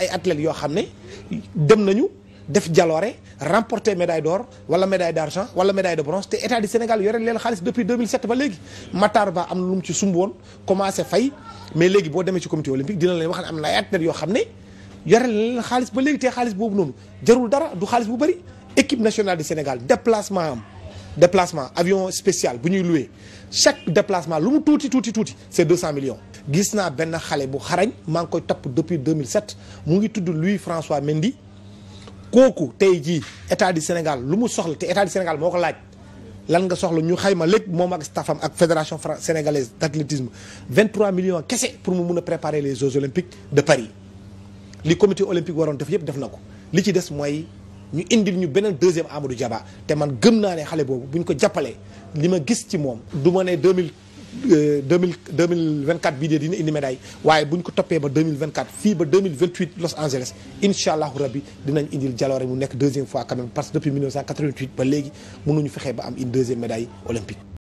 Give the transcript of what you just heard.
ay athlètes yoo xam ne dem nañu def jaloore remporter médaille d'or wala médaille d'argent wala médaille de bronze te état du Sénégal yore leen xaalis depuis 2007 ba léegi Matar Ba am na lu mu ci sumb woon commencé fay mais léegi boo demee ci comité olympique dina leen wax ne am na ay athlètes yoo xam ne yore leen xaalis ba léegi te xaalis boobu noonu jarul dara du xaalis bu bëri équipe nationale du Sénégal déplacement am déplacement avion spécial bu ñuy loué chaque déplacement lu mu tuuti tuuti tuuti c'est 200 million gis naa benn xale bu xarañ maa ngi koy topp depuis 2007 mu ngi tudd Louis François Mendy kooku tey jii état du Sénégal lu mu soxla te état du Sénégal moo ko laaj lan nga soxla ñu xayma léegi moom ak staffam ak fédération sénégalaise d'athlétisme 23 million kese pour mu mun a préparer les Jeux olympiques de Paris li comité olympique waroon def yëpp def na ko li ci des mooy ñu indil ñu beneen deuxième Amadou jabaa te man gën naa ne xale boobu bu ko jàppalee li ma gis ci moom du ma ne 2000 Euh, deux mille deux mille vingt quatre bii de dina indi médaille waaye bu ñu ko toppee ba deux mille vingt quatre fii ba deux Los Angeles incha allahu rabbi dinañ indil jaloore mu nekk deuxième fois quand parce que depuis mille neuf cent quatre vingt fexee ba am une deuxième olympique.